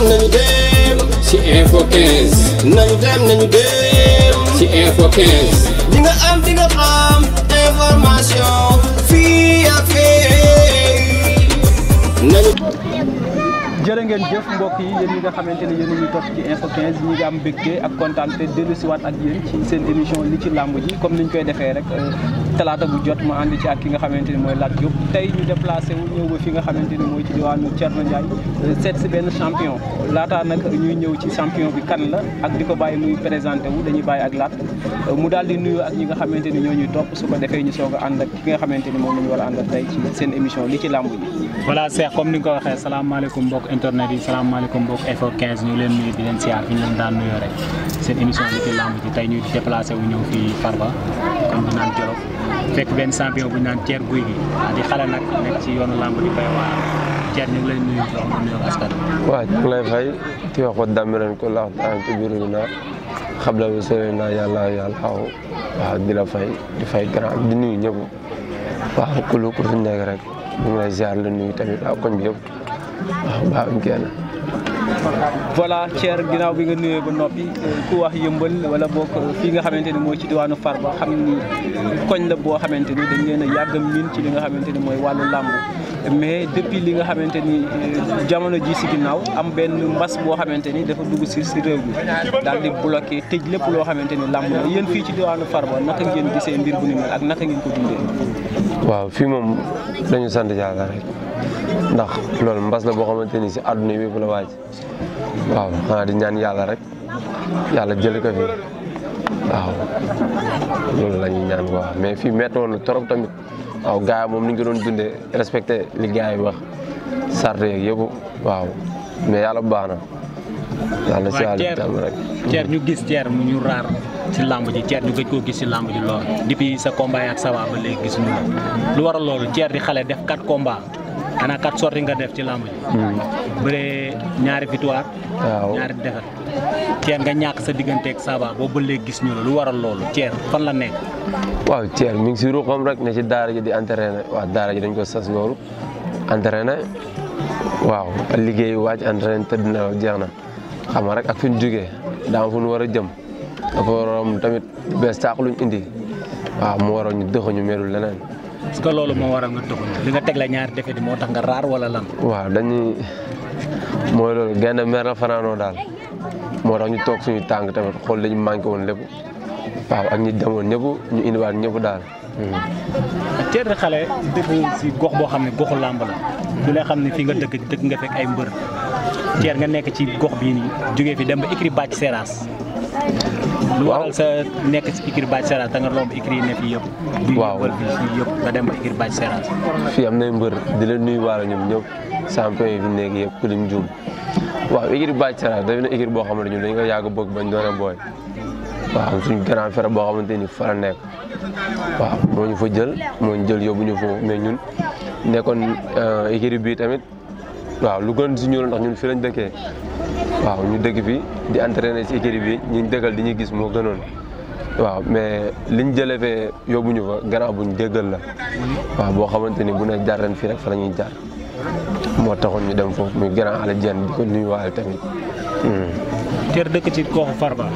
dem nañu dem ci info 15 ci info 15 di nga jërë ngeen jëf mbokk yi yéen ñi nga xamante ne yéen a ñuy topp ci info 15 ñi nga am mbégte ak kontaan délu dellu si waat ak yéen ci seen émission li ci làmb ji comme ni ñu koy defee rek euh, talaata bu jot ma andi ci ak ki nga xamante ni mooy Lat Diop tey ñu déplacé wu ñëw ba fi nga xamante ni mooy ci diwaanu Thierno Ndiaye euh, seet si benn champion laataa nag ñuy ñëw ci champion bi kan la ak di ko bàyyi muy présenté wu dañuy bàyyi ak Lat euh, mu daal di nuyu ak ñi nga xamante ni ñoo ñuy topp su ko defee ñu soog a ànd ak ki nga xamante ni moom la ñu war a ànd ak tey ci seen émission li ci làmb ji voilà Cheikh comme ni nga ko waxee salaamaaleykum mbokk internet yi salaamaaleykum mbokk info 15 ñu ngi leen nuyu di leen siyaar fi ñu leen daan nuyoo rek seen émission bi ci làmb ji tey ñu déplacé wu ñëw fii Farba comme bu naan Jolof fekk benn champion bu ñu naan guy Gouye Gui di xale nag ci yoonu làmb di bay waa ngi leen lay fay di ko damiren xam la yàlla yàlla xaw waaw di fay di fay grand di nuyu ñëpp waaw ku lu ku nekk rek ñu lay ziar la nuyu tamit ak koñ bi waaw baaxuñ kenn. voilà Thierre ginnaaw bi nga nuyee ba noppi ku wax yëmbal wala bokk fii nga xamante ni mooy ci diwaanu Farba xam ni koñ la boo xamante ni dañ a yàgg miin ci li nga xamante ni mooy wàllu làmb mais depuis li nga xamante ni euh, jamono ji si ginnaaw am benn mbas boo xamante ni dafa dugg si si réew bi daal di bloqué tëj lépp loo xamante ni làmb la yéen fii ci diwaanu Farba naka ngeen gisee mbir bu ni mel ak naka ngeen ko dundee. waaw fii moom lañu sant Yàlla ndax lool mbass la bo xamanteni ci aduna àdduna yëpp la waaj waaw ha di ñaan yalla rek yalla jël ko fi waaw lool la ñuy ñaan quoi mais fi méttoon na trop tamit waaw gaay yi moom ni nga doon dundé respecté li gaay wax sart yeeg yëpp waaw mais yalla baana yalla ci yalla tam rek ceer ñu gis ceer mu ñu rar ci lamb ji ceer ñu gëj ko gis ci lamb ji lool depuis sa combat ak sa waa ba léegi gisuñu la lu waral lool ceer di xalé def quatre combat xanaa quatre sorties nga def ci lamb ji hmm. bëré ñaari victoire ñaari defet Thier nga ñak sa digënté ak Saba bo bëlé gis ñu lu waral loolu tier fan la nekk waaw tier mi ngi ci ruuxam rek ne ci daara ji di entraîner waaw daara ji dañ ko sass loolu entraîner waaw liggéey waaj entraîner te dina jeexna xam rek ak fuñu juggé da daam fuñu wara jëm dafa rom tamit bees saaku luñ indi waaw mo waroon ñu dexu ñu melul leneen parce que loolu moo waral nga tëgg li nga teg la ñaari defet moo tax nga raar wala lan. waa dañuy mooy loolu gaynde mer fanaanoo daal moo tax ñu toog suñu tànk tamit xool li ñu manqué woon lépp waaw ak ñi demoon ñëpp ñu indiwaat ñëpp daal. Hmm. teer xale dëkk si gox boo xam ne goxu làmb la du lay xam ne fi nga dëkk dëkk nga fekk ay mbër teer nga nekk ci gox bii nii jógee fi dem ba écrit bàcc seeraas lu waral sa nekk ci écurie Bathie Seras da nga romb écurie yi ne fii yëpp. waaw nga dem ba écurie Bathie Seras. fii am nay mbër di leen nuyuwaale ñoom ñëpp champion yi fi nekk yëpp ku lim juum waaw écurie Bathie Seras daf ne écurie boo xamante ñun dañu ko yàgg bëgg bañ doon a booy waaw suñu grand frère boo xamante ni fa nekk waaw moo ñu fa jël moo ñu jël yóbbu ñu foofu mais ñun nekkoon euh, écurie bii tamit. waaw lu gën si ñun ndax ñun fi lañ dëkkee waaw ñu dëkk fi di entraîné si équipe bi ñu dëggal di ñu gis moo gënoon waaw mais liñ jëlee fee yóbbuñu fa gannaaw buñ déggal la waaw boo xamante ni bu ne jaar fii rek fan la ñuy jaar moo taxoon ñu dem foofu muy grand Alioune Dieng di ko nuyuwaale tamit. Hmm. Thier dëkk ci kooxu Farba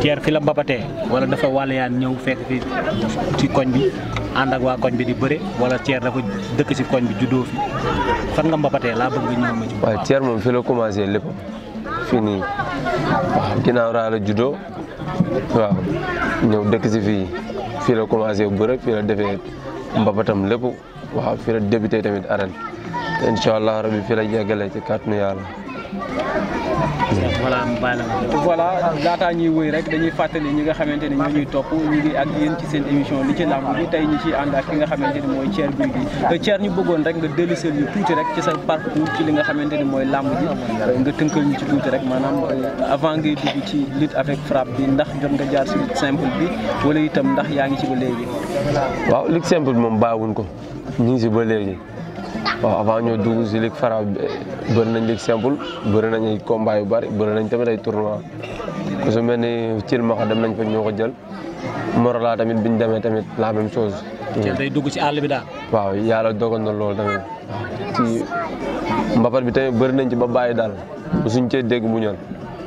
Thier fi la mbabatee wala dafa wàlleyaan ñëw fekk ci koñ bi ànd ak waa koñ bi di bëre wala Thier dafa dëkk ci koñ bi juddoo fi fan nga mbabatee laa bëgg nga ñëw ma ci. waaw moom fi la commencé lépp fii nii waaw la juddoo waaw ñëw dëkk ci fii fii la commencé bëre fii la defee mbabatam lépp waaw fii la débuté tamit arène te incha allah rabi fii la yeggale ci kàttanu yàlla. voilà laataa ñuy wëy rek dañuy fàttali ñi nga xamante ni ñoo ñuy topp ñu ngi ak yéen ci seen émission li ci làmb bi tey ñu ciy ànd ak ki nga xamante ni mooy Thier Gouy Gui euh, Thier ñu bëggoon rek nga delliseel ñu tuuti rek ci sa parcours ci li nga xamante ni mooy làmb ji euh, nga tënkal ñu ci tuuti rek maanaam euh, avant ngay dugg ci lutte avec frappe bi ndax jot nga jaar si lutte simple bi wala itam ndax yaa ngi ci ba léegi waaw lutte simple moom bàyyiwuñ ko ñu ngi si ba léegi waaw avant ñoo dugg si ligue Fara bëri nañ ligue simple bëri nañ ay combat yu bëri bëri nañ tamit ay tournoi ku su mel ni Thiel Mokho dem nañ fa ñoo ko jël Morola tamit biñ demee tamit la même chose. Thiel day dugg ci àll bi daal. waaw yàlla dogal na loolu tamit ci mbapat bi tamit bëri nañ ci ba bàyyi daal suñ cee dégg mu ñor.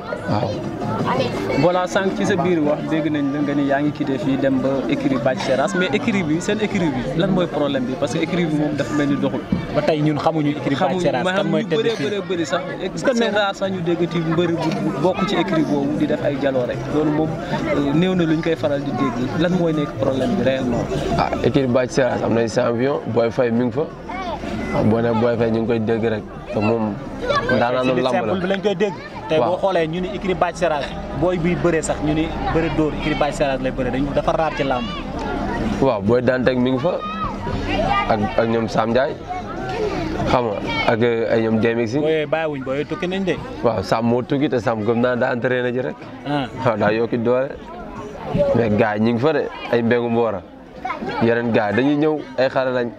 waaw. voilà sànq ci sa biir wax dégg nañ la nga ni yaa ngi quitté fii dem ba écurie Bathie Seras mais écurie bi seen écurie bi lan mooy problème bi parce que écurie bi moom dafa mel ni doxul. ba tey ñun xamuñu écurie Bathie Seras kan mooy tëdd fii xamuñu bëri bëri sax. est-ce que c'est rare sax ñu déggati mbër bu bokk ci boobu di def ay jaloore loolu moom euh, néew na lu ñu koy faral di dégg lan mooy nekk problème bi réellement. ah écurie Bathie Seras am nay champion Boy mi ngi fa. Ah, boo nee Boy ñu ngi koy dégg rek te moom. daanaka lamb la lañ koy dégg. tey boo xoolee ñu ni écurie Bathie Seras booy buy bëree sax ñu ni bëri dóor écurie Bathie Seras bëree dafa raar ci làmb waaw booy Dantec mi ngi fa ak ak ñoom Sam Ndiaye xam nga ak eh, ay ñoom Demba si. booy booy tukki nañ de. waaw Sam moo tukki te Sam gëm naa daa entraîné ji rek. Ah. waaw daa yokki doole mais gars yi ngi fa de ay mbégu mboora yeneen gars dañuy ñëw ay xale lañ.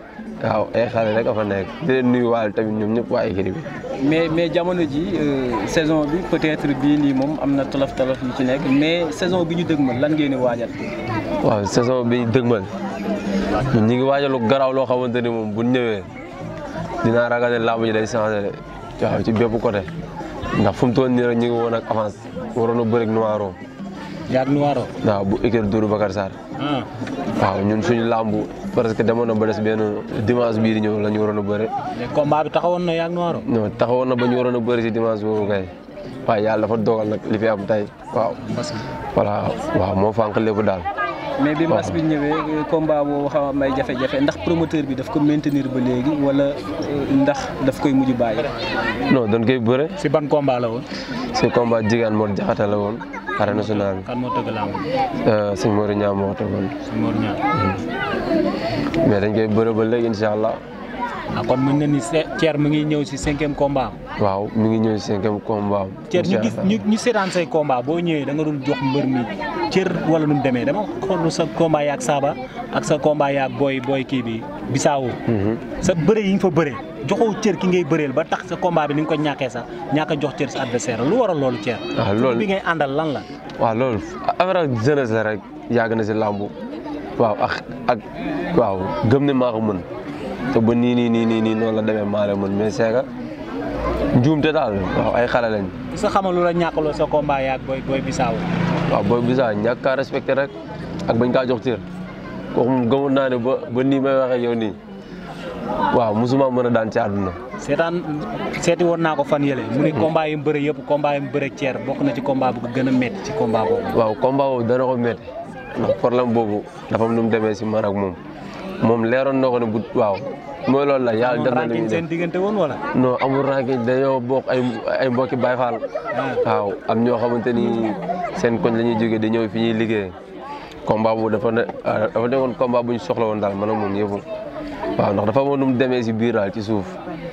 waaw ay xale rek a fa nekk di leen nuyuwaale tamit ñoom ñëpp waa écurie bi. mais mais jamono ji euh, saison bi peut-être bii nii moom am na tolof tolof yu ci nekk mais saison bi ñu dëgmal lan ngeen di waajal. waaw saison bi ñu dëgmal ñun ñu ngi waajal lu garaaw loo xamante ni moom bu ñëwee dinaa ragal ne làmb ji day changé waaw ci bépp côté ndax fu mu toll nii rek ñu woon avance waroon a bëri ak Noireau yaag Nuwaaro. waaw bu écurie Doudou Bakar Sarr. Ah. waaw ñun suñu làmbu parce que demoon na ba des benn dimanche bii di ñëw la ñu waroon a bëre. mais combat bi taxawoon na yaag Nuwaaro. non taxawoon na ba ñu waroon a bëre si dimanche boobu kay. waaw yàlla dafa dogal nag li fi am tey waaw. voilà waaw moo fànq lépp daal. mais bi mas bi ñëwee euh, combat boobu xaw am ay jafe-jafe ndax promoteur bi daf ko maintenir ba léegi walla euh, ndax daf koy mujj bàyyi. non dañ koy bëre. si ban combat la woon. si combat jigéen moom jaxate woon. arène nationale bi. kan moo tëgg làmb bi. Euh, sëñ Mori Niang moo tëggoon. sëñ hmm. dañ koy bërëbal léegi incha ah kon mën na ni Thier mu ngi ñëw si cinquième combat am. waaw mu ngi ñëw si cinquième combat am. Thier ñu gis ñu ñu seetaan say combat boo ñëwee danga nga dul jox mbër mi Thier wala nu demee dama xool sa combat ak Saba ak sa combat yaak booy booy kii bi Bisaawo. Mhm. sa bëre yi nga fa bëree joxoo cër ki ngay bëreel ba tax sa combat bi ni ngi ko ñàkkee sax ñàkk jox Thier sa adversaire lu waral loolu Thier. waaw ah, loolu bi ngay àndal lan la. waa loolu average jeunesse rek yàgg na si làmbu waaw ak ak waaw te ba ni ni ni ni nii noonu la démé malé mon mais séga est que njuumte daal ay xalé lañ. sa xamal lu la ñàkkaloo sa combat yaag boy boy bisaw waaw boy bisaw ñaka respecté rek ak bañ ka jox tir ko moom gëmoon naa ne ba ba nii may waxé yow ni waaw musuma mëna daan ci aduna sétan séti won naa ko fan yele mu ne combat yi mbeure yépp combat yi mbeure bëre ceer na ci combat bu gëna metti ci combat bo waaw combat bo dara ko métti ndax problème boobu dafa am nu mu demee si man ak moom. moom leeroon na ko bu waaw mooy loolu la yàlla def diggante woon wala non amul ranking dañoo bokk ay ay mbokki Baay Faal ah. ñoo xamante ni seen koñ la ñuy jógee di ñëw fi ñuy liggéey combat bu dafa ne ah, dafa nekkoon bu ñu soxla woon daal man ak moom yëpp ndax dafa amoon mu demee si biir daal ci suuf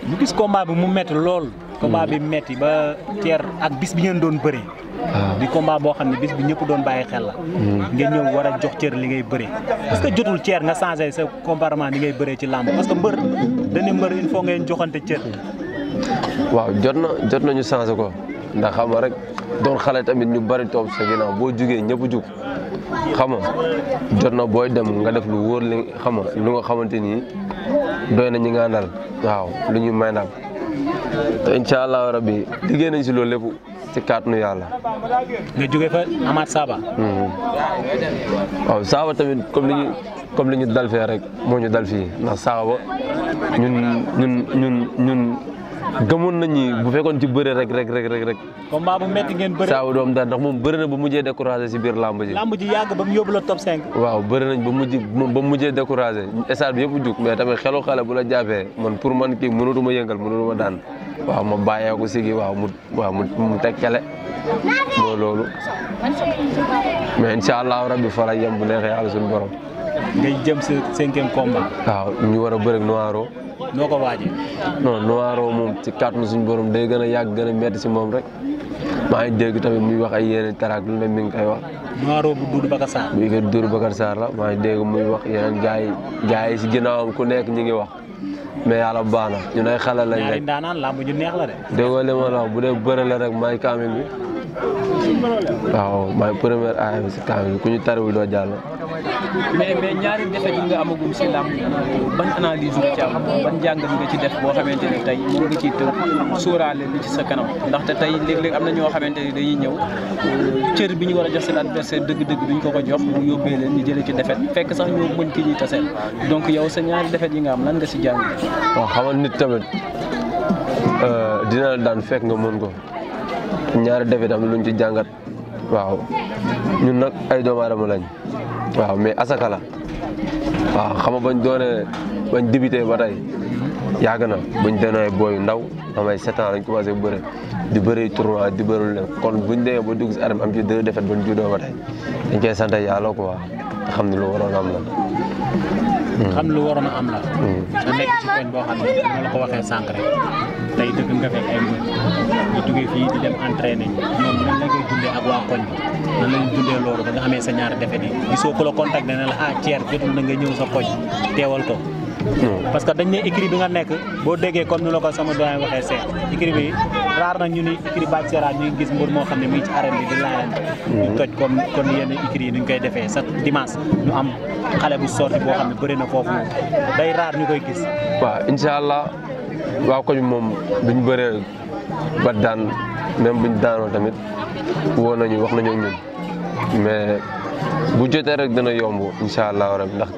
ñu gis combat mu métti lool combat bi métti ba teer ak bis bi ngeen doon bëri Ah. di combat boo xam ne bis bi ñëpp doon bàyyi xel la hmm. nga ñëw war a jox cër li ngay bëree parce jotul cër nga changé sa comportement li ngay bëree ci làmb parce mbër dañu mbër il faut ngeen joxante cër waaw jot na jot nañu changé ko ndax xam nga rek doon xale tamit ñu bari toog sa ginnaaw boo jugee ñëpp jug xam nga jot na booy dem nga def lu wóor li xam lu nga xamante ni doy na ñi nga àndal waaw lu ñuy may naam te incha rabbi liggéey nañ si loolu lépp ci kàttanu yàlla. nga jóge fa amaat Saba. Mm-hmm. waaw Saba tamit comme li ñu comme li ñu dal fee rek moo ñu dal fii ndax Saba ñun ñun ñun ñun gëmoon nañ ni bu fekkoon ci bëre rek rek rek rek rek. combat bu métti ngeen bëre. Saba doom daan ndax moom bëri na ba mujjee découragé si biir làmb ji. làmb ji yàgg ba mu la top 5. waaw bëri nañ ba mujj ba mujjee découragé stade bi yëpp jug mais tamit xelu xale bu la jaafee man pour man kii mënatuma yëngal mënatuma daan. waaw ma bàyyeeku sigi waaw mu waaw mu teg kele moo loolu mais incha allahu rabbi fa la yem bu neexee yàlla suñu borom. ngay jëm sa cinquième combat. waaw ñu war a bëri noiro. noo ko waajee. non noiro ci kàttanu suñu borom day gën a yàgg gën a metti si moom rek maa ngi dégg tamit muy wax ay yeneen taraak lu ne mi ngi koy wax. noiro bu Doudou Bakar Sarr. bu la maa ngi dégg muy wax yeneen gars yi gars yi si ginnaawam ku nekk ñu ngi wax. mais yàlla baax na ñun ay xale lañ rek. la de. déggoo li ma la bu dee bëre la rek may kaamil bi. waaw mooy première aaya bi si kaamil ku ñu tariwul doo jàll. mais mais ñaari défaite yi nga amagum si làmb ban analyse nga ci am ban jàngat nga ci def boo xamante ni tey moom nga ciy tënk sóoraale ci sa kanam ndaxte tey léeg am na ñoo xamante ni dañuy ñëw euh, cër bi ñu war a jox seen adversaire dëgg-dëgg duñ ko ko jox mu yóbbee leen ñu jëlee ci défaite fekk sax ñoo mën ki ñuy taseel donc yow sa ñaari yi nga am lan nga si jàng. waaw xamal nit tamit euh, dina la daan fekk nga mën ko. ñaari défi tam luñ ci jàngat waaw ñun nag ay doomu aadama lañ waaw mais asaka la waaw xam bañ doonee bañ débuté ba tey yàgg na buñ doonee booyu ndaw amay sept ans lañ commencé bëre di bëri tournoi di bëri lépp kon buñ demee ba dugg si arène am ci deux défaites bañ juddoo ba tey dañ koy sant yàlla quoi xam ne lu waroon am la. xam lu waroon am la. Hmm. tey dëgg nga fekk ay mbër di dem entraîner ñoom nan la koy dundee ak waa koñ nan lañ dundee loolu ba nga amee sa ñaari defet yi gisoo ku la contact dana la ah Thier jotul na nga ñëw sa koñ ko parce que dañ écrit bi nga comme ko sama doyen waxee seet écrit bi raar na ñu ni écrit Bathie Sera ñu gis mbër moo xam mi ci arène bi di laayante ñu toj comme kon écrit ñu koy sa dimanche ñu am bu sorti boo xam ne na foofu day raar ñu koy gis allah waaw koñ moom biñ bëree ba daan même buñ daanoo tamit woo nañu wax nañu ñun mais bu jotee rek dana yomb incha allahu rek ndax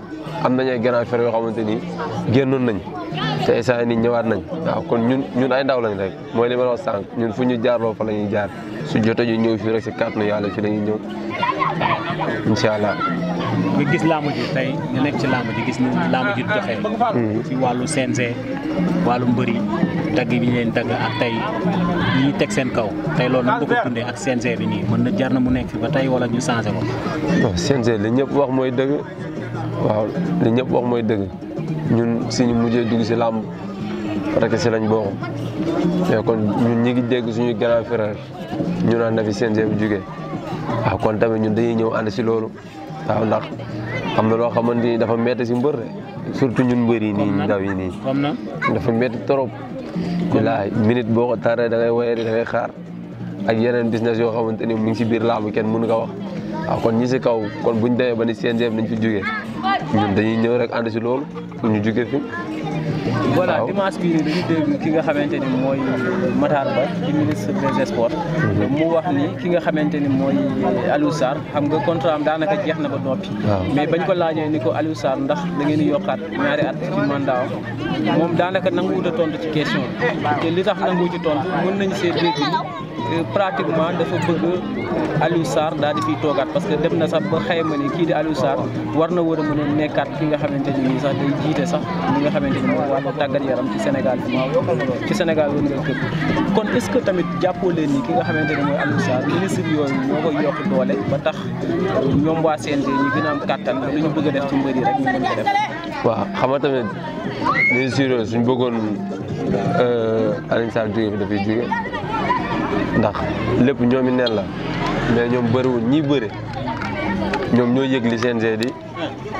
am nañu ay grand frère yoo xamante ni génnoon nañ te instant ni ñëwaat nañ waaw kon ñun ñun ay ndaw lañ rek mooy li ma la wax sànq ñun fu ñu jaarloo fa la ñuy jaar su jotee ñu ñëw fii rek si kàttanu yàlla fii la ñuy ñëw incha allah. nga gis laamu ji tey nga nekk ci laamu ji gis ni laamu ji doxee ci wàllu CNG wàllu mbëri dagg bi ñu leen dagg ak tay ñi teg seen kaw tey loolu nu ko dundee ak CNG bi nii mën na jar na mu nekk fi ba tey wala ñu changé ko non CNG li ñëpp wax mooy dëgg waaw li ñëpp wax mooy dëgg ñun suñu mujjee dugg si làmb parce que lañ bokk mais kon ñun ñi ngi dégg suñu grand frère ñu naan na fi CNG bi jugee waaw kon tamit ñun dañuy ñëw ànd si loolu waaw ndax xam na loo xamante ni dafa métti si mbër surtout ñun mbër yi nii ndaw yi nii dafa métti trop bilaay minute boo ko taree da ngay wayeri da ak yeneen business yoo xamante ni mu ngi si biir laamu kenn mënu ko wax waaw kon ñi si kaw kon buñ demee ba ni CNG nañ fi jógee ñun dañuy ñëw rek ànd si loolu ñu jóge fi voilà dimanche bii nii dañu dégg ki nga xamante ni mooy Matar Ba di ministre des sports mu wax ni ki nga xamante ni mooy Aliou Sarr xam nga contrat am daanaka jeex na ba noppi mais bañ ko laajee ni ko Aliou Sarr ndax da ngeen di yokkaat ñaari at ci mandat moom daanaka nanguwut a tontu ci question te li tax nangu ci tontu mën nañ see bi Euh, pratiquement dafa bëgg Aliou Sarr daal di fiy toogaat parce que dem na sax ba ma ni kii di Aliou Sarr war na war a mën a nekkaat ki nga xamante ni nii sax day jiite sax nga xamante ni mooy wàllu tàggat yaram ci Sénégal bi ci Sénégal wër nga këpp kon est-ce que tamit jàppoo leen ni ki nga xamante ni mooy Aliou Sarr ministre yooyu ñoo koy tax ñoom waa CNG a am kàttan ñu bëgg a def ci mbër yi rek ñu nga tamit ministre yooyu suñ bëggoon euh, Aliou Sarr jógee fi dafay jógee ndax lépp ñoom i neen la mais ñoom bëriwul ñi bëri ñoom ñoo yëg li CNG di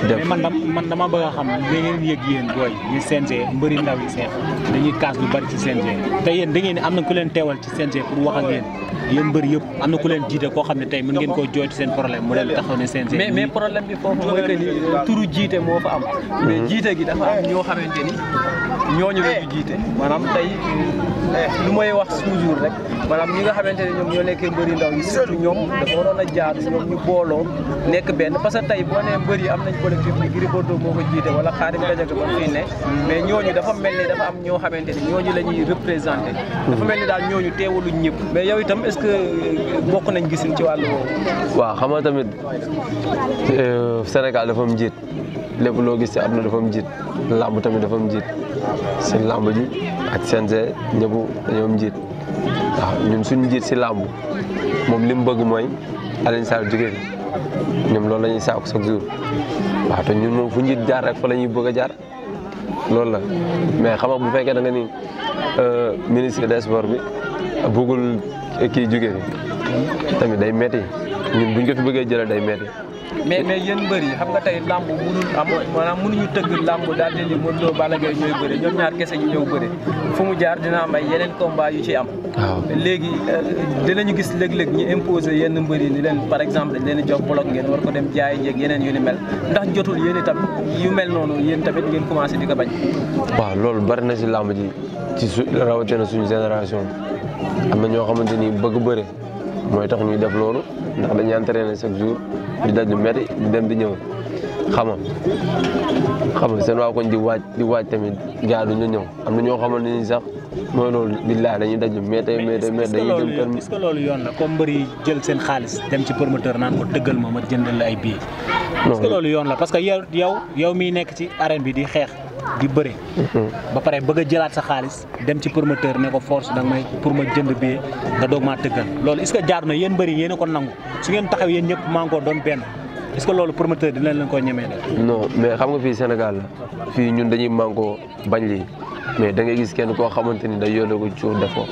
def mais man dama man bëgg a xam da ngeen yëg yéen booy ñu CNG mbëri ndaw yi seen dañuy kaas lu bari ci seen te yéen da ngeen am na ku leen teewal ci CNG pour wax ak yéen yéen mbëri yëpp am na ku leen jiite koo xam ne tey mën ngeen koo jooytu seen problème mu leen taxaw ne CNG mais mais problème bi foofu mooy que turu jiite moo fa am mais mhm. jiite gi dafa am ñoo xamante ni ñooñu la ñu jiite maanaam tey lu may wax toujours rek maanaam ñi nga xamante ne ñoom ñoo nekkee mbëri ndaw yi surtout ñoom dafa waroon a jaar ñoom ñu booloo nekk benn parce que tey boo nee mbër yi am nañ collectif bi Gris Bordeaux moo ko jiite wala Khadim Gadiaga ba ne mais ñooñu dafa mel ni am ñoo xamante ne ñooñu la ñuy représenté dafa mel ni daal ñooñu teewaluñ ñëpp mais yow itam est-ce que euh, bokk nañ gisin ci wàllu woowu waaw xam nga tamit euh, Sénégal dafa am njiit lépp loo gis ci àdduna dafa am njiit làmb tamit dafa am njiit si làmb ji ak CNG ñëpp ñoom njiit waaw ñun suñu njiit si làmb moom li mu bëgg mooy Alioune Sarr jógee fi ñoom loolu lañuy ñuy sàkku chaque jour waaw te ñun moom fu njiit jaar rek fa la ñuy bëgg a jaar loolu la mais xam bu fekkee da nga ni euh, ministre des sports bi bëggul kii jógee fi tamit day metti ñun buñ ko fi bëggee jëlee day metti mais mais yéen mbër yi xam nga tey làmb mënul am ah, maanaam ñu tëgg làmbu daal di ni Modou Lo Balla Gaye ñooy bëri ñoom ñaar kese ñu ñëw bëri fu mu jaar dina am ay yeneen tombaa yu ci am léegi euh, dinañu gis léeg-léeg ñu imposé yenn mbër yi ni leen par exemple dañ leen jox bloc ngeen war ko dem jaay njëg yeneen yu ni mel ndax jotul yéen itam yu mel noonu yéen tamit ngeen commencé di ko bañ waaw loolu bari na si làmb ji ci su rawatina suñu génération am na ñoo xamante ni bëgg bëri mooy tax ñuy def loolu ndax dañuy entraîné chaque jour di daj lu métti di dem di ñëw xama xama seen waa koñ di waaj di waaj tamit gars duñu ñëw am na ñoo xamal ne ni sax mooy loolu billaay dañuy daj lu métti métti métti dañuy dem kër est-ce loolu yoon la comme mbër yi jël seen xaalis dem ci promoteur naan ko dëggal ma ma jëndal la ay billets est-ce que loolu yoon la parce que yow yow yow miy nekk ci arène bi di xeex di bëri ba pare bëgg a jëlaat sa xaalis dem ci promoteur ne ko force danga may pour ma jënd billet nga doog maa tëggal loolu est ce que jaar na yéen bëri yéen ko nangu su ngeen taxaw yéen ñëpp maa ngi doon benn est ce que loolu promoteur dina ko ñemee de. non mais xam nga fii Sénégal fii ñun dañuy mànkoo bañ lii mais da ngay gis kenn koo xamante ni day yónnee ko ci def ko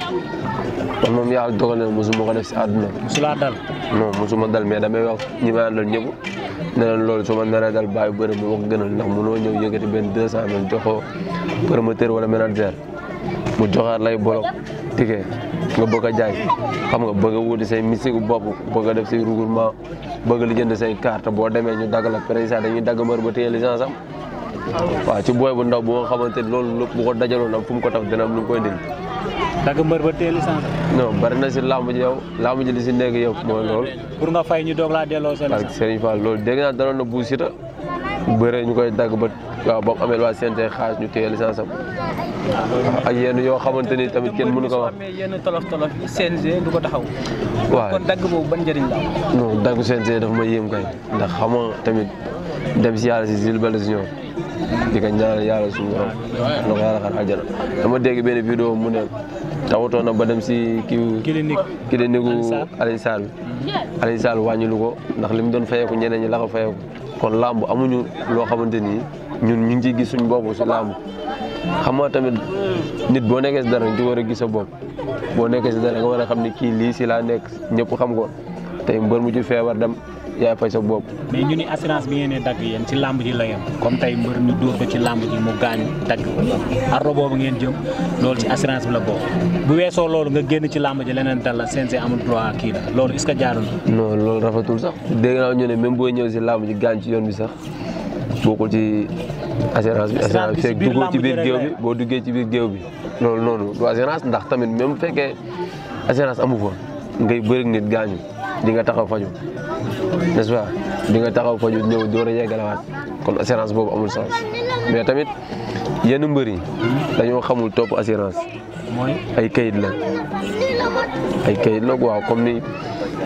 kon moom yàlla dogal na mosuma ko def si àdduna. mosulaa dal. non mosuma dal mais damay wax ñi ma àndal ñëpp. ne leen loolu su ma naree dal bàyyi bëri mu wax gënal ndax mënoo ñëw yëkkati benn deux cent mille joxoo promoteur wala manager mu joxaat lay bolok ticket nga bëgg a jaay xam nga bëgg a wuti say mystique bopp bëgg a def say regroupement bëgg li jënd say carte boo demee ñu dagg la président dañuy dagg mër ba téye licence am waaw ci booy bu ndaw bu nga xamante loolu bu ko dajaloon am fu mu ko taf dina am lu mu koy dindi dagg mbër ba teel licence non bari na si làmb ji yow làmb ji li si nekk yëpp mooy loolu pour nga fay ñu doog laa delloo sa licence Serigne Fall loolu dégg naa daloon na Bou Siteu bëre ñu koy dagg ba waaw ba mu amee waa CNG xaalis ñu téye licence am ah. ak yenn yoo xamante ni tamit kenn mënu ko wax yenn tolof tolof CNG du ko taxaw waaw kon dagg boobu ban njëriñ la non dagg CNG dafa ma yéem kay ndax xama tamit dem si yàlla si Jules Baldé Junior di ko ñaanal yàlla suñu borom na ko yàlla xar aljana dama dégg benn vidéo mu ne tawatoon na ba dem si kii. clinique clinique gu Aliou Sall bi ko ndax li mu doon fayeeku ñeneen ñi la ko kon làmb amuñu loo xamante ni ñun ñu ngi ciy gis suñ bopp si làmb xam nga tamit nit boo nekkee si dara nga war a gis sa bopp boo nekkee si dara nga war a xam ni kii lii si laa nekk ñëpp xam ko tey mbër mu ci feebar dem yaay fay sa bopp. mais ñu ni assurance bi ngeen di dagg yéen ci làmb ji la yam comme tey mbër ñu dóor ko ci làmb ji mu gaañu dagg ardo boobu ngeen jëm loolu ci assurance bi la bokk bu weesoo loolu nga génn ci làmb ji leneen dal la CNG amul droit kii loolu est-ce que rafetul sax dégg naa ñu ne même booy ñëw si làmb ji gaañ ci yoon bi sax bokkul ci assurance bi. assurance bi fekk duggoo ci biir géew bi boo duggee ci biir géew bi. loolu noonu du assurance ndax tamit même bu fekkee assurance amu fa ngay bëri nit gaañu. di nga taxaw faju n'est-ce pas di nga taxaw faju ñëw door a yeggalawaat kon assurance boobu amul sens mais tamit yenn mbër yi dañoo xamul topp assurance mooy ay kayit la ay kayit la waaw comme ni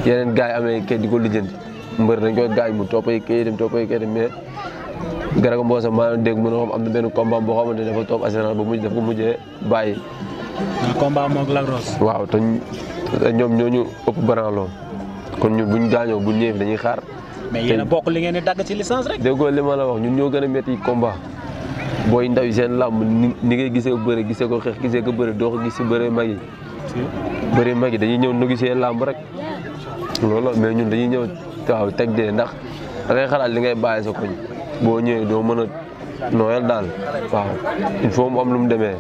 yeneen gars yi amee kayit di ko lijjanti mbër dañ koy gaay mu topp ay kayitam topp ay kayitam mais Garga Mbossé maa dégg mu ne xam am na benn combat boo xamante ne dafa topp assurance ba mujj dafa ko mujjee bàyyi. combat waaw te ñoom ñoo ñu ëpp branloo kon ñu bu ñu buñ bu buñ ñëwee dañuy xaar. mais yéen a bokk li ngeen di dagg ci licence rek. déggoo li ma la wax ñun ñoo gën a métti combat booy ndaw yi seen làmb ni ngay gisee ko bëre gisee ko xeex gisee ko bëre doo ko gis si bëre mag yi. yi dañuy ñëw nu gisee làmb rek loolu mais ñun dañuy ñëw teg dee ndax da ngay li ngay bàyyi sa koñ boo ñëwee doo mën a nooyal daal waaw il faut mu am lu mu demee.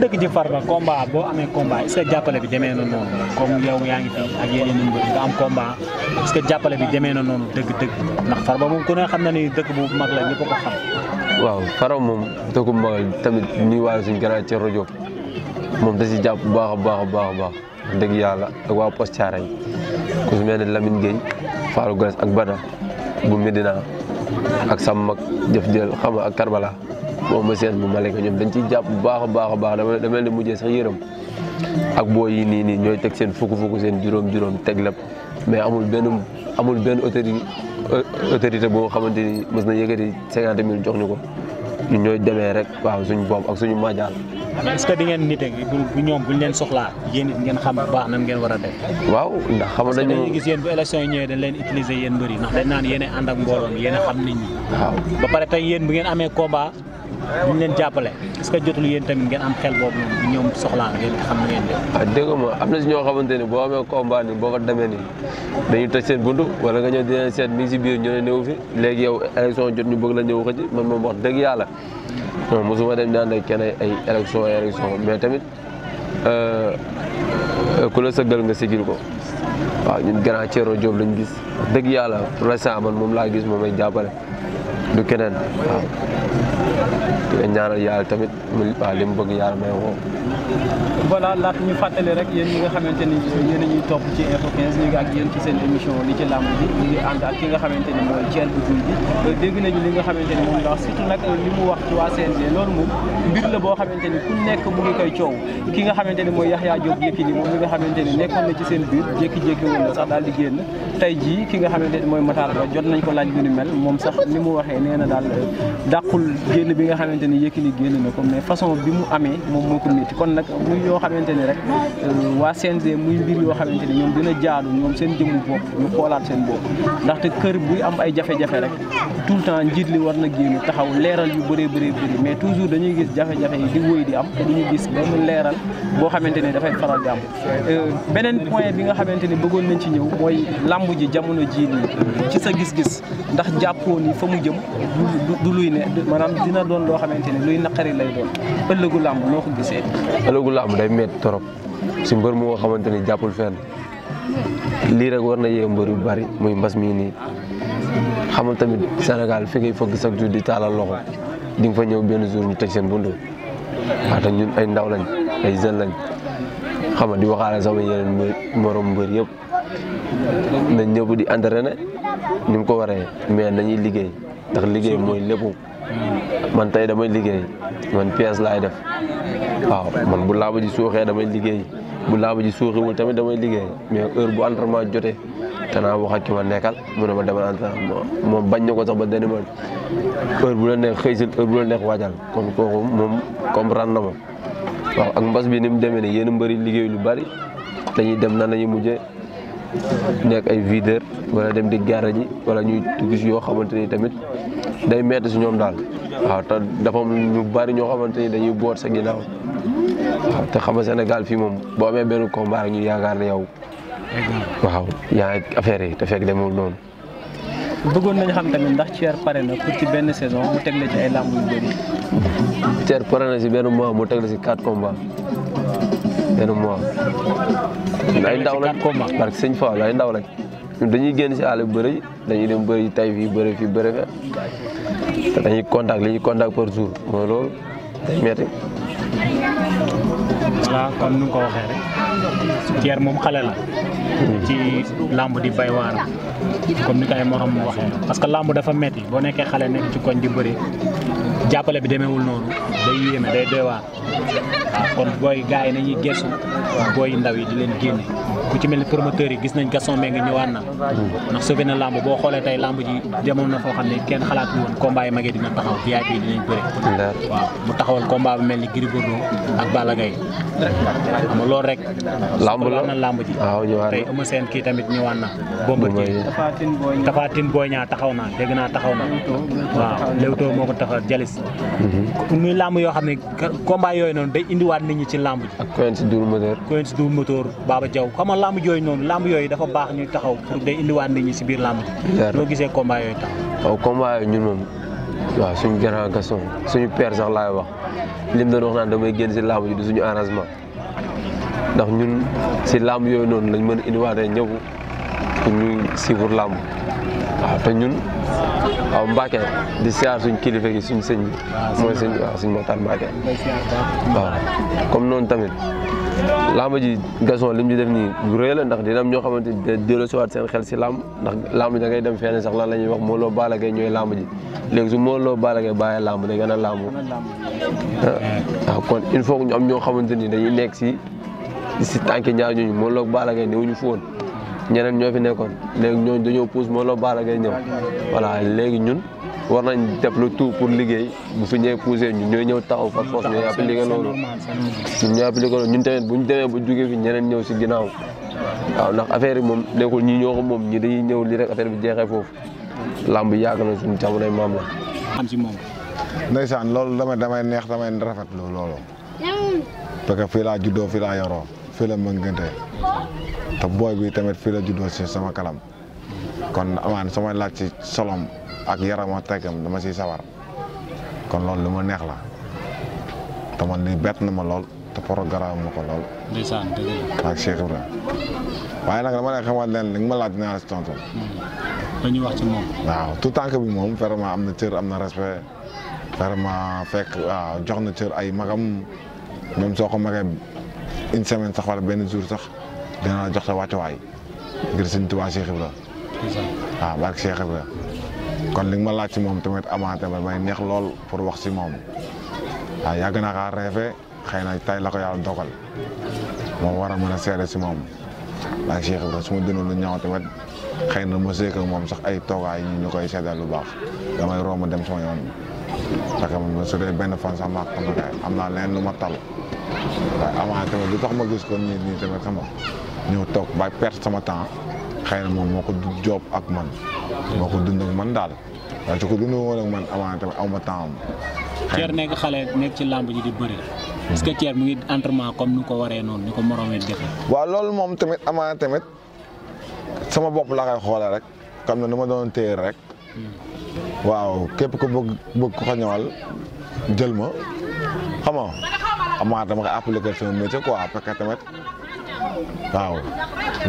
dëgg ci Farba combat boo amee combat est-ce jàppale bi demee na noonu comme yow yaa ngi fi ak yeneen i mbir nga am combat est-ce jàppale bi demee na noonu dëgg-dëgg ndax Farba moom ko ne xam na ni dëkk bu mag la ñëpp ko xam. waaw Farba moom dëkk bu tamit nuy waaye suñu gànnaaw ci rajo moom da si jàpp bu baax a baax a baax a baax dëgg yàlla ak waa Poste Thiaroye ku si mel ne Lamine Gueye Fallou ak Bada bu Medina ak Sam Mag jëf jël xam ak Karbala. moom ma seen bu ñoom dañ ciy jàpp baax baax baax dama dama mujjee sax yërëm ak boo yi nii nii ñooy teg seen fukk fukk seen juróom-juróom teg lépp mais amul benn amul benn autorité autorité boo xamante ni mës na yëkkati cinquante mille jox ñu ko ñun ñooy demee rek waaw suñu bopp ak suñu majaal. est-ce que di ngeen nite bu ñoom bu ñu leen soxlaa yéen it ngeen xam bu baax nan ngeen war a def. waaw ndax xam nañu parce que dañuy gis yéen bu élection yi ñëwee dañ leen utiliser yéen mbëri ndax dañ naan yéen a ànd ak mbooloo a xam nit duñ leen jàppale est-ce que jotul yéen tamit ngeen am xel boobu noonu ñoom soxlaa ngeen ah, ma am na si ñoo xamante ni boo amee combat boo fa demee ni dañu tëj seen buntu wala nga seet mi si biir ñu ne néew léegi yow élection jot ñu bëgg la ñëw xëcc man moom wax yàlla non mosuma dem daan ak kenn ay élection élection mais tamit euh, ku la sëggal nga ñun grand Thierno Diop lañ gis dëgg yàlla pour l'instant man moom laa gis moom ay jàppale du keneen waaw di ñaanal yàlla tamit mu waaw li mu bëgg yàlla may woo. voilà laata ñu fàttali rek yéen ñi nga xamante ni yéen a ñuy topp ci info 15 ñu ngi ak yéen ci seen émission li ci làmb bi ñu ngi ànd ak ki nga xamante ni mooy Thiel bu Gouye Gui li nga xamante ni moom la wax wax ci waa CNG loolu moom mbir la boo xamante ni ku nekk mu ngi koy coow ki nga xamante ni mooy Yaxya Diop Yékini moom mi nga xamante ni nekkoon na ci seen biir jékki-jékki woon sax daal di génn tey jii ki nga xamante ni mooy Matar Ba jot nañ ko laaj lu ni mel moom sax ni mu waxee nee na daal euh, dàqul génn bi nga xamante ni Yékini génn na ko mais façon bi mu amee moom moo ko métti kon nag muy yoo xamante rek euh, waa CNG muy mbir yoo xamante ni ñoom dina jaadu ñoom seen jëmmu bopp ñu xoolaat seen bopp ndaxte kër buy am ay jafe-jafe rek tout le temps njiit li war na génn taxaw leeral yu bëree mais toujours dañuy gis jafe-jafe yi di wëy di am te leeral boo xamante ni dafay faral di am euh, beneen point bi nga xamante ni bëggoon nañ ci ñëw mooy làmb làmb jamono ji ni ci sa gis-gis ndax jàppoo ni fa mu jëm du luy ne manam dina doon lo xamanteni luy nakari lay doon ëllëgu lamb noo ko gisé ëllëgu lamb day met torop si mbeur mo xamanteni jappul fenn li rek war na yee mbër yu bari muy mbass mi ni xamal tamit Sénégal fi ngay fogg sax jour di taalal loxo di nga fa ñew benn jour ñu teg seen buntu waaye ñun ay ndaw lañ ay jeunes lañ xam di waxale sama yeneen morom mbeur yépp nañ ñëpp di entraîné ni mu ko waree mais nañuy liggéey ndax liggéey mooy lépp mm. man tey damay liggéey man pièce laay def waaw man bu laaba ji suuxee damay liggéey bu laaba ji suuxiwul tamit damay liggéey mais heure bu entraînement jotee danaa wax ak ki ma nekkal mu ne ma demal entraînement moom bañ na ko sax ba dani ma bu la neex xëy si heure bu la neex moom comprendre na ma waaw liggéey lu bari dañuy dem nan lañuy mujjee nekk ay videur wala dem di garra ji wala ñuy dugg si yoo xamante ni tamit day metti si ñoom daal waaw te dafa am bari ñoo xamante ni dañuy boot sa ginnaaw waaw te xam nga Sénégal fii moom boo amee benn combat ñu yaakaar ne yow waaw yaa ngi affaire yi te fekk demul noonu bëggoon nañu xam tamit ndax Thier pare na pour ci benn saison mu teg la ci ay làmb yu bëri pare na si benn mois mu teg la si quat combats benn mois. ay ndaw lañ parce que sëñ Fall ay ndaw lañ dañuy génn si àll bu bëri dañuy dem bëri tay fii bëri fii bëri fa te dañuy contact li ñuy contact par jour mooy loolu day metti. voilà comme ni nga ko waxee rek Pierre moom xale la. Hmm. ci làmb di bay waaram comme ni ko ay morom waxee parce que làmb dafa metti boo nekkee xale nekk ci koñ di bëri. jàppale bi demeewul noonu day yéeme day doy waar waaw kon booy gars yi nañuy gëstu booy ndaw yi di leen génne ku ci mel ni promoteur yi gis nañ Gaston Mbengue ñëwaat na. ndax sauvé na lamb boo xoolee tey lamb ji demoon na foo xam ne kenn xalaatu woon combat yi magee dina taxaw VIP yi dinañ bëre. waaw mu taxawal bu mel ni Gris ak Balla Gaye. xam nga loolu rek. lamb la na lamb ji. waaw ñëwaat na tey Eumeu Sène kii tamit ñëwaat na. Bombardier Tapha Tine Boy Niang taxaw na dégg naa taxaw na. waaw Leewtoo moo ko taxaw Jalis. Mhm. muy lamb yoo xam ne combat yooyu noonu day indiwaat nit ñi ci lamb ji. ak Coense Diour Motor. Coense Diour Motor Baba Diaw xam làmb jooyu noonu làmb yooyu dafa baax ñuy taxaw pour day indiwaat nit ñi biir làmb ji. gisee combat yooyu taxaw. waaw ñun moom waaw suñu grand garçon suñu père sax laay wax lim doon wax naan damay génn si làmb ji du suñu arrangement ndax ñun si làmb yooyu noonu lañ mën a indiwaatee ñëw pour ñuy suivre làmb waaw te ñun. waaw Mbacke di siyaar suñ kilifa gi suñ sëñ bi mooy sëñ waaw suñ Matar waaw comme noonu tamit làmb ji Gaston lim ñu def nii lu rëy la ndax dina am ñoo xamante ne delloo si waat seen xel si làmb ndax làmb ji da ngay dem feneen sax lan la ñuy wax Mawlo Balla Gaye ñooy làmb ji léegi su Mawlo Balla Gaye bàyyee làmb day gën a làmb ah, waaw kon il faut que ñu am ñoo xamante ni dañuy nekk si si tànki ñaar ñooñu Mawlo Balla Gaye newuñu fi woon ñeneen ñoo fi nekkoon léegi ñooñu dañoo pousse Modou Lo baala Gaye ñëw voilà léegi ñun war nañ def le tout pour liggéey bu fi ñëwee poussé ñun ñooy ñëw taxaw par force ñooy appliqué loolu ñun ñooy appliqué loolu ñun tamit bu ñu demee ba jógee fi ñeneen ñëw si ginnaaw waaw ndax affaire yi moom nekkul ñi ñoo ko moom ñii dañuy ñëw li rek affaire bi jeexee foofu làmb yàgg na suñu jamonoy maam la am si moom ndeysaan loolu damay damay neex damay rafetlu loolu parce que fii laa juddoo fii laa fii la gante te booy bi tamit fii la juddoo si sama kanam kon amaan sama laaj ci solom ak yarama tekkam dama siy sawar kon loolu lu ma neex la te man lii bett na ma lool te programme ma ko lool. ndeysaan dëgg ak Cheikh Ibrahima waaye nag dama lay xamal leen li nga ma la si hmm. wax ci moom. waaw tout tànk bi moom vraiment am na cër am na respect vraiment fekk waaw jox na cër ay magam même soko ko magee une semaine sax wala benn jour sax dana jox sa wàccuwaay ngir sëñ Tuubaa Cheikh Ibra waaw barke Cheikh Ibra kon li ma laaj ci moom tamit amaat tamit may neex lool pour wax si moom waaw yàgg na kaa reefe xëy na tay la ko yàlla dogal moom war na mën a seede si moom barke Cheikh Ibra su ma dënoon lu ñaaw tamit xëy na ma seek moom sax ay toogaay ñu ñu koy seedal lu baax damay romb dem sama yoon parce que man su dee benn fan sax maa am naa leen lu ma tal waaye avant tamit lu tax ma gis ko nii nii tamit xam nga toog ba perte sama temps xëy na moom moo ko joob ak man moo ko dund ak man daal waaye su ko dund woon ak man avant tamit aw ma temps am. Thier nekk xale nekk ci làmb ji di bëri. est-ce que Thier ko waree noonu ni ko moromee defee. waaw loolu moom tamit amaana tamit sama bopp laa koy xoolee rek comme na nu ma doon téye rek. waaw képp ku bëgg bëgg ko ñëwal jël ma xam nga amaat dama ko appliqué sama métier quoi parce que waaw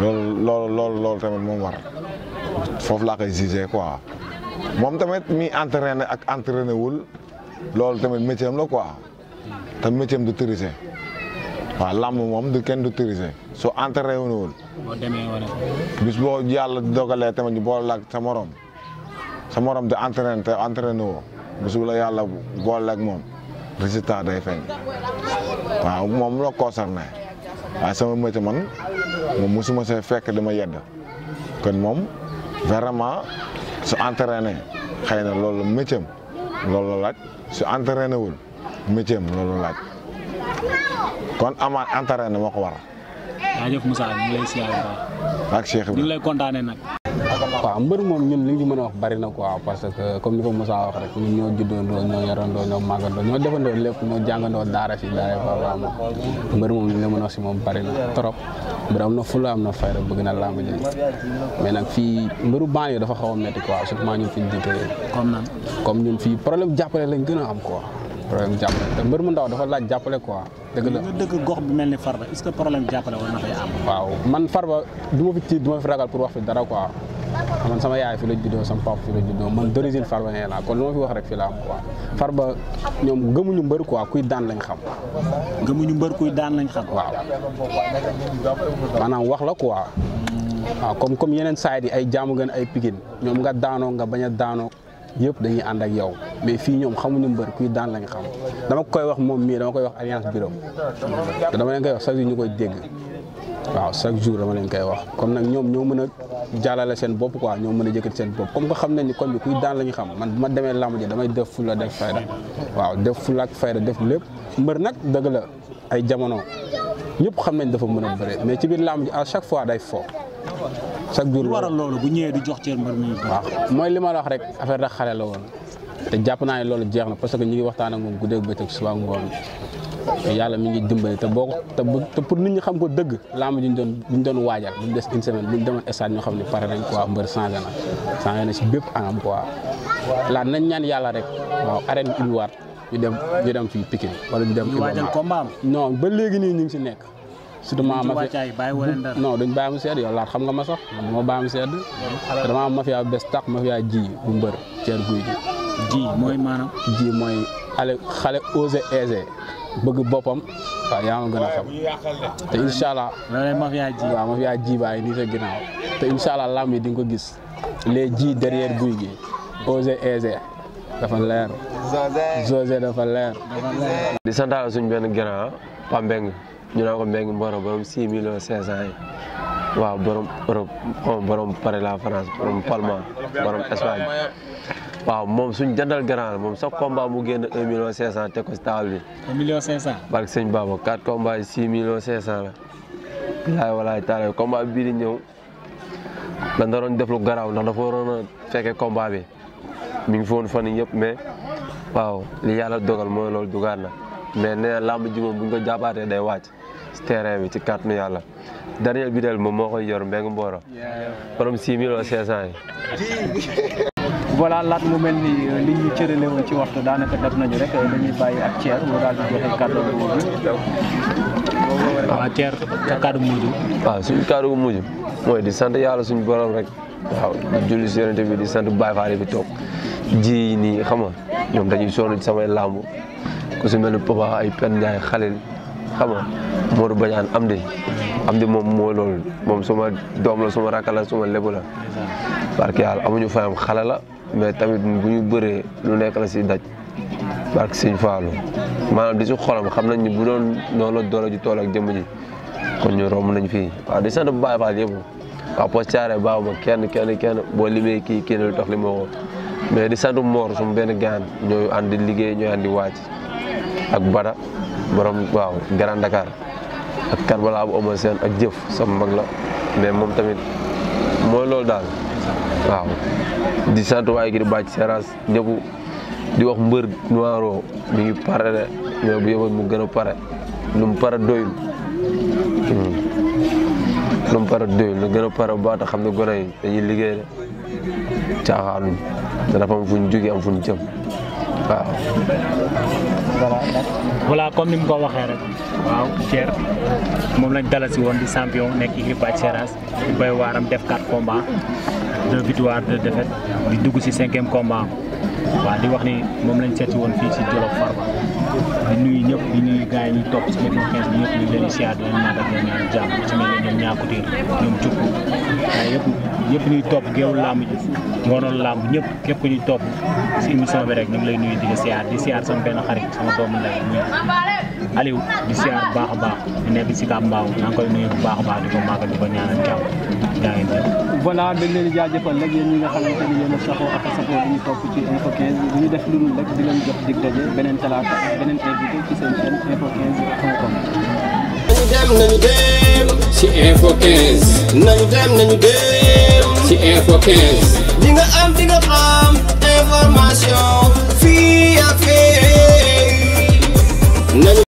loolu loolu loolu loolu tamit moom war foofu laa koy jugé quoi moom tamit mi entraîné ak entraîné wul loolu tamit métier am la quoi te métier am du tricher waaw làmb moom du kenn du tricher soo entraîné wul. boo demee bis boo yàlla dogalee tamit ñu boole la ak sa morom. sa morom di entraîné te entraîné woo bisu la yàlla boole ak moom résultat day feeñ waaw moom la concerné waaye sama métier man moom mosuma see fekk dama yedd kon moom vraiment su entraîné xëy na loolu métier am loolu laaj si entraîné wul métier am loolu laaj kon amaat entraîné moo ko waral. jaajëf Moussa ñu ngi lay bi waaw mbër moom ñun li ñu mën a wax bari na quoi parce que comme ni ko Moussa wax rek ñun ñoo juddandoo ñoo yarandoo ñoo màggandoo ñoo defandoo lépp ñoo jàngandoo daara si daara fa moom mbër moom li ñu mën a wax si moom bari na trop mbër am na fula am na fayda bëgg na làmb ji mais nag fii mbëru baan yi dafa xaw a métti quoi surtout ñun fi ñu jiite comme ñun fii problème jàppalee lañ gën a am quoi problème jàppale te mbër mu ndaw dafa laaj jàppale ko dëgg la nga gox bi mel ni Farba est-ce que problème jàppale war waaw man Farba du ma fi tiit du ma fi ragal pour wax fi dara quoi man sama yaay fi la juddoo sama papa fi la juddoo man d'origine Farba nee naa kon lu ma fi wax rek fi la am quoi Farba ñoom gëmuñu mbër quoi kuy daan lañ xam. gëmuñu mbër kuy daan lañ wax la ko waaw comme comme yeneen saa yi ay jaamu gën ay Pikine ñoom nga daanoo nga bañ a daanoo. yëpp dañuy ànd ak mais fii ñoom xamuñu mbër kuy daan lañ xam dama koy wax moom mii dama koy wax alliance bureau te dama leen koy wax chaque jour ñu koy dégg waaw chaque jour dama leen koy wax comme nag ñoom ñoo mën a jàllale seen bopp quoi ñoo mën a jëkkati seen bopp comme que xam nañ ni kon bi kuy daan la xam man bu ma demee làmb ji damay def fulla def fayda waaw def fulla ak fayda def lépp mbër nag dëgg la ay jamono ñëpp xam nañ dafa mun a bëre mais ci biir làmb ji à chaque fois day fo chaque jour. lu waral loolu bu ñëwee du jox cër mbër mi. waaw mooy li ma la wax rek affaire da xale la woon te jàpp naa ne loolu jeex na parce que ñu ngi waxtaan ak moom guddeeg bëccëg suba ngoon yàlla mi ngi dimbali te boo ko te pour nit ñi xam ko dëgg làmb ji ñu doon ñu doon waajal bu des une semaine bu ñu demoon ñu xam ne pare nañ quoi mbër changé na changé na si bépp anam quoi laata nañ ñaan yàlla rek waaw arène bi indiwaat ñu dem ñu dem wala ñu dem. ñu waajal combat ba léegi nii ñu ngi si nekk. surtout ma ma fi non duñ bàyyi mu sedd yow laat xam nga ma sax man ma bàyyi mu sedd. vraiment ma fi yaa bes tax ma fi ji bu mbër ceer guy ji. ji mooy maanaam. ji mooy xale xale osé bëgg boppam waaw yaa gën a xam te incha allah. loolu ma fi yaa ji waaw ma nii sa ginnaaw te incha allah lamb yi di nga ko gis les ji derrière guy gi osé aisé. dafa leer. José di santaal suñ benn grand Pa Mbeng ñu naan ko Mbeng Mboro borom 6 millions 500 yi waaw borom Europe oh, la France borom Palma borom Espagne waaw moom suñ jandal grand la moom sax combat mu génn 1 million 500 teg ko si table bi. 1 million 500. barke sëñ Baba 4 la. bilaay walaay taala combat bii di ñëw. lan da doon ndax dafa waroon a fekkee bi. mi ngi fon fan yëpp mais waaw li yalla dogal moy lolou dugal na mais né lamb djuma ji bu ñu ko jàppaatee day wacc ci terrain bi ci carte yalla Daniel Bidel mo moko yor mbeng Mboro borom 6 millions 500 yi voilà laat mu mel euh, li ñu cërale ci waxtu dab nañu rek euh, dañuy ak mu di joxe kàddu bu mujj. waaw Thierre sa kàddu bu suñu kàddu bu mujj di sant yàlla suñu borom rek waaw julli si yonente bi di sant Baay Faal bi toog jii nii xam nga ñoom dañuy sonn ci samay làmb ku si mel ni Papa ay Pène Ndiaye xalil xam nga Modou Badiane am di am di moom moo loolu moom suma doom la suma rakk la suma lébu la barke yàlla amuñu fayam xale la mais tamit bu ñu bëree lu nekk la si daj barke Sëñ Faalu maanaam di si xolam xam nañ ni bu doon noonu la doole ji tool ak jëmm ji kon ñu romb nañ fii waaw di sant Baay Faal yëpp ka postare bawo kenn kenn kenn bo limé ki kenn tax limo mais di santu mor sum ben gan ñoy andi liggéey ñoy andi wacc ak bara borom waaw grand dakar ak karbala abou omar sen ak jëf sam mag la mais mom tamit moy lol dal waaw di santu way gi di bacc seras ñepp di wax mbeur noiro mi paré ñoy bu yemal mu gëna paré lu mu paré doyul hmm. lu mu pare doyul lu gën a pare bu xam ne gone yi dañuy liggéey de caaxaanuñ te dafa am fu ñu jógee am fu ñu jëm waaw. voilà comme ni mu ko waxee rek waaw Thier moom lañ dalal si woon di champion nekk équipe à Thierass bay waaram def quatre combats deux victoires deux défaites di dugg si cinquième combat waaw di wax ni moom lañ seeti woon fii si Djolof Farba. di nuyu ñëpp di nuyu gars yi ñuy topp si météo 15 bi ñëpp ñu ngi leen di siyaat di leen ñaanal di leen ñaakuteer ñoom jukku waaye yëpp ñëpp ñuy topp géewul làmb ji ngoonal làmb ñëpp képp ku ñuy topp si émission bi rek ñu lay nuyu di la siyaat di siyaat sama benn xarit sama doomu ndey muy Aliou di siyaar bu baax a baax di nekk si Kapa Mbao maa ngi koy nuyu bu baax a baax di ko màggal di ko ñaanal jàmm jaa ngeen jëf. voilà dañ leen di jaajëfal rek yéen ñi nga xamante ni yéen a saxoo ak a saxoo di ñu topp ci info 15 bu ñu def lu dul rek di leen jox dig daje beneen talaata ak beneen invité ci seen chaîne info 15 point com. nañu dem nañu dem si info 15. nañu dem nañu dem si info 15. di nga am di nga xam information fii ak fii.